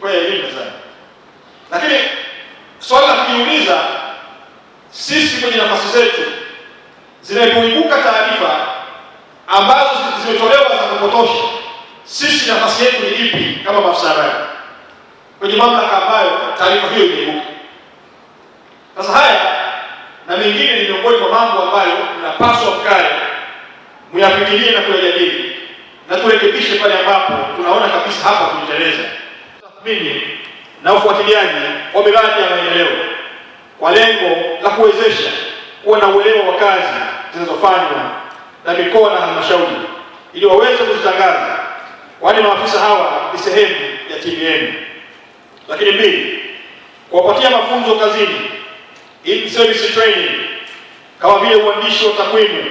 kwa elimu mezani. Lakini swali la kujiuliza sisi kwenye nafasi zetu, zinapoibuka taarifa ambazo zimetolewa za kupotosha, sisi nafasi yetu ni ipi kama maafisa habari kwenye mamlaka ambayo taarifa hiyo imeibuka? Sasa haya na mengine ni miongoni mwa mambo ambayo mnapaswa mkae muyafikirie na kuyajadili na turekebishe pale ambapo tunaona kabisa hapa kuiteleza mimi na ufuatiliaji wa miradi ya maendeleo kwa lengo la kuwezesha kuwa na uelewa wa kazi zinazofanywa na mikoa na halmashauri ili waweze kuzitangaza, kwani maafisa hawa ni sehemu ya timu yenu. Lakini mbili, kuwapatia mafunzo kazini in service training kama vile uandishi wa takwimu,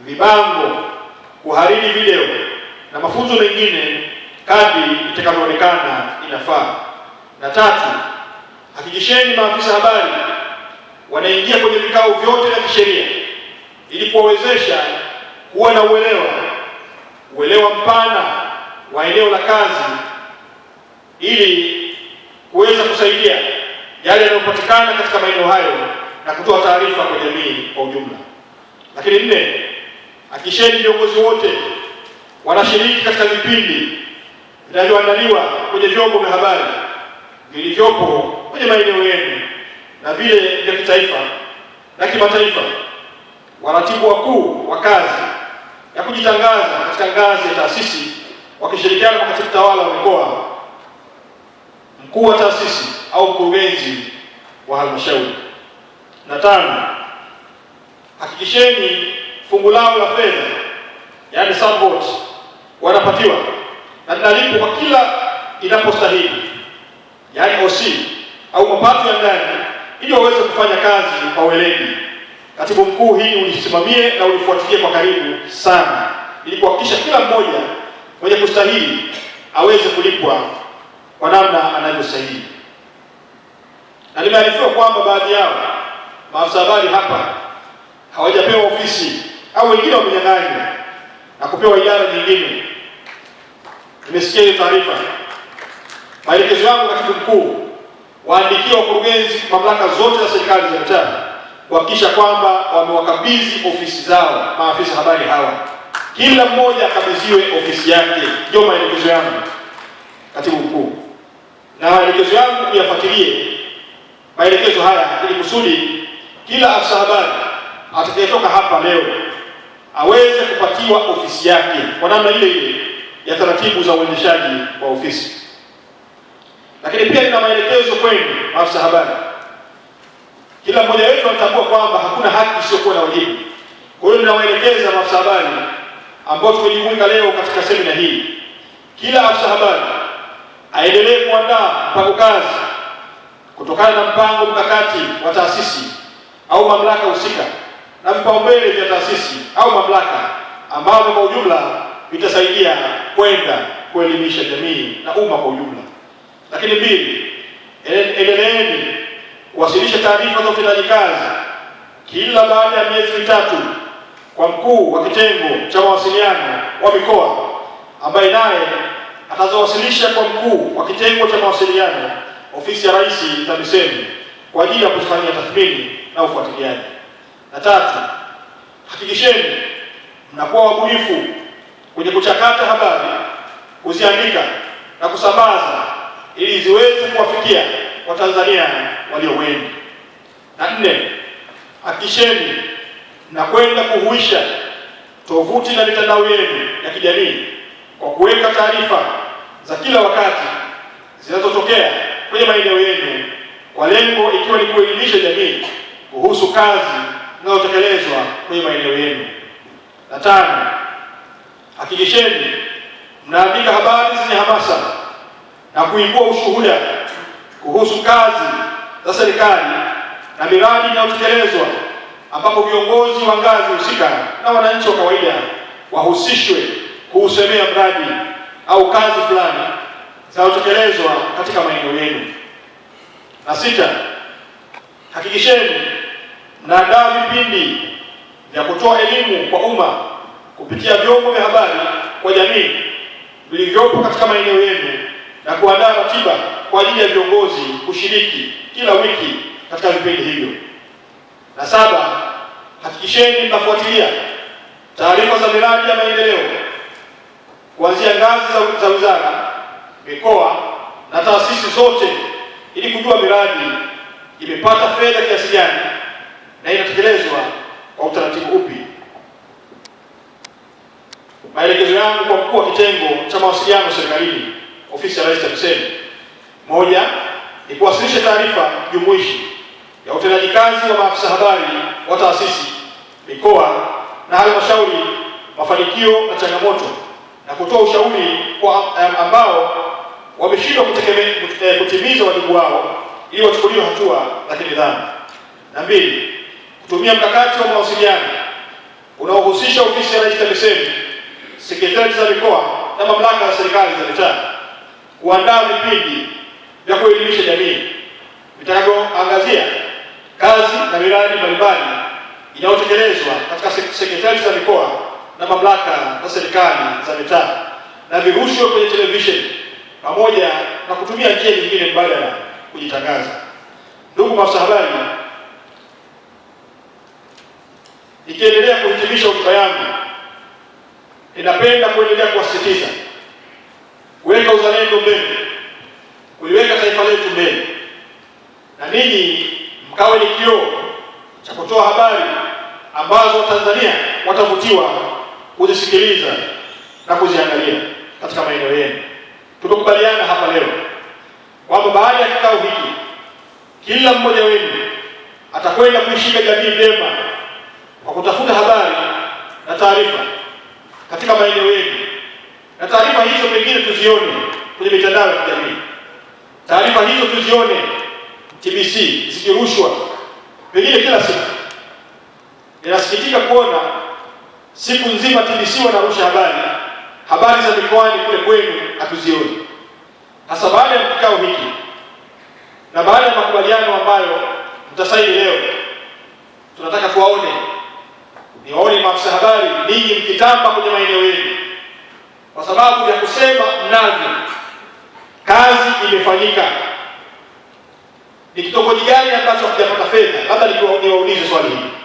vibango, kuhariri video na mafunzo mengine kadri itakavyoonekana inafaa. Na tatu, hakikisheni maafisa habari wanaingia kwenye vikao vyote vya kisheria ili kuwawezesha kuwa na uelewa uelewa mpana wa eneo la kazi ili kuweza kusaidia yale yanayopatikana katika maeneo hayo na kutoa taarifa kwa jamii kwa ujumla. Lakini nne, hakikisheni viongozi wote wanashiriki katika vipindi vinavyoandaliwa kwenye vyombo vya habari vilivyopo kwenye maeneo yenu na vile vya kitaifa na kimataifa. Waratibu wakuu wa kazi ya kujitangaza katika ngazi ya taasisi wakishirikiana na katibu tawala wa mkoa, mkuu wa taasisi au mkurugenzi wa halmashauri. Na tano, hakikisheni fungu lao la fedha, yaani support wanapatiwa na linalipwa kwa kila inapostahili, yaani OC au mapato ya ndani, ili waweze kufanya kazi kwa weledi. Katibu mkuu, hii ulisimamie na ulifuatilie kwa karibu sana, ili kuhakikisha kila mmoja mwenye kustahili aweze kulipwa kwa namna anavyostahili. Na nimearifiwa kwamba baadhi yao maafisa habari hapa hawajapewa ofisi au wengine wamenyang'anywa na kupewa idara nyingine Nimesikia hiyo taarifa. Maelekezo yangu katibu mkuu, waandikiwa wakurugenzi mamlaka zote za serikali za mtaa kuhakikisha kwamba wamewakabidhi ofisi zao maafisa habari hawa, kila mmoja akabidhiwe ofisi yake. Ndio maelekezo yangu katibu mkuu, na maelekezo yangu yafuatilie maelekezo haya ili kusudi kila afisa habari atakayetoka hapa leo aweze kupatiwa ofisi yake kwa namna ile ile ya taratibu za uendeshaji wa ofisi, lakini pia ina maelekezo kwenu maafisa habari. Kila mmoja wetu anatambua kwamba hakuna haki isiyokuwa na wajibu. Kwa hiyo ninawaelekeza maafisa habari ambao tumejiunga leo katika semina hii, kila afisa habari aendelee kuandaa mpango kazi kutokana na mpango mkakati wa taasisi au mamlaka husika na vipaumbele vya taasisi au mamlaka ambavyo kwa ujumla itasaidia kwenda kuelimisha jamii na umma kwa ujumla. Lakini pili endeleeni kuwasilisha taarifa za utendaji kazi kila baada ya miezi mitatu kwa mkuu wa kitengo cha mawasiliano wa mikoa ambaye naye atazowasilisha kwa mkuu wa kitengo cha mawasiliano ofisi ya Rais TAMISEMI kwa ajili ya kufanyia tathmini na ufuatiliaji. Na tatu, hakikisheni mnakuwa wabunifu kwenye kuchakata habari, kuziandika na kusambaza ili ziweze kuwafikia Watanzania walio wengi. Na nne, hakikisheni na kwenda kuhuisha tovuti na mitandao yenu ya kijamii kwa kuweka taarifa za kila wakati zinazotokea kwenye maeneo yenu kwa lengo ikiwa ni kuelimisha jamii kuhusu kazi zinazotekelezwa kwenye maeneo yenu. Na tano Hakikisheni mnaandika habari zenye hamasa na kuibua ushuhuda kuhusu kazi za serikali na miradi inayotekelezwa, ambapo viongozi wa ngazi husika na wananchi wa kawaida wahusishwe kuusemea mradi au kazi fulani zinazotekelezwa katika maeneo yenu. Na sita, hakikisheni mnaandaa vipindi vya kutoa elimu kwa umma kupitia vyombo vya habari kwa jamii vilivyopo katika maeneo yenu na kuandaa ratiba kwa ajili ya viongozi kushiriki kila wiki katika vipindi hivyo. Na saba, hakikisheni mnafuatilia taarifa za miradi ya maendeleo kuanzia ngazi za wizara, mikoa na taasisi zote ili kujua miradi imepata fedha kiasi gani na inatekelezwa kwa utaratibu Maelekezo yangu kwa mkuu wa kitengo cha mawasiliano serikalini, ofisi ya Rais TAMISEMI: moja, ni kuwasilisha taarifa jumuishi ya utendaji kazi wa maafisa habari wa taasisi, mikoa na halmashauri, mafanikio na changamoto, na kutoa ushauri kwa um, ambao wameshindwa eh, kutimiza wajibu wao ili wachukuliwe hatua za kinidhamu. Na mbili, kutumia mkakati wa mawasiliano unaohusisha ofisi ya Rais TAMISEMI sekretari za mikoa na mamlaka ya serikali za mitaa kuandaa vipindi vya kuelimisha jamii vitakavyoangazia kazi na miradi mbalimbali inayotekelezwa katika sekretari za mikoa na mamlaka za serikali za mitaa na virushwe kwenye televisheni pamoja na kutumia njia nyingine mbadala kujitangaza. Ndugu maafisa habari, nikiendelea kuhitimisha hotuba yangu Ninapenda kuendelea kuwasisitiza kuweka uzalendo mbele, kuliweka taifa letu mbele, na ninyi mkawe ni kioo cha kutoa habari ambazo Watanzania watavutiwa kuzisikiliza na kuziangalia katika maeneo yenu. Tumekubaliana hapa leo kwamba baada ya kikao hiki kila mmoja wenu atakwenda kuishika jamii vyema kwa kutafuta habari na taarifa katika maeneo yetu, na taarifa hizo pengine tuzione kwenye mitandao ya kijamii, taarifa hizo tuzione TBC zikirushwa pengine kila siku. Inasikitika kuona siku nzima TBC wanarusha habari, habari za mikoani kule kwenu hatuzioni, hasa baada ya kikao hiki na baada ya makubaliano ambayo mtasaini leo, tunataka tuwaone niwaone maafisa habari, ninyi mkitamba kwenye maeneo yenu, kwa sababu ya kusema mnavyo. Kazi imefanyika. Ni kitongoji gani ambacho hakijapata fedha? Labda niwaulize swali hili.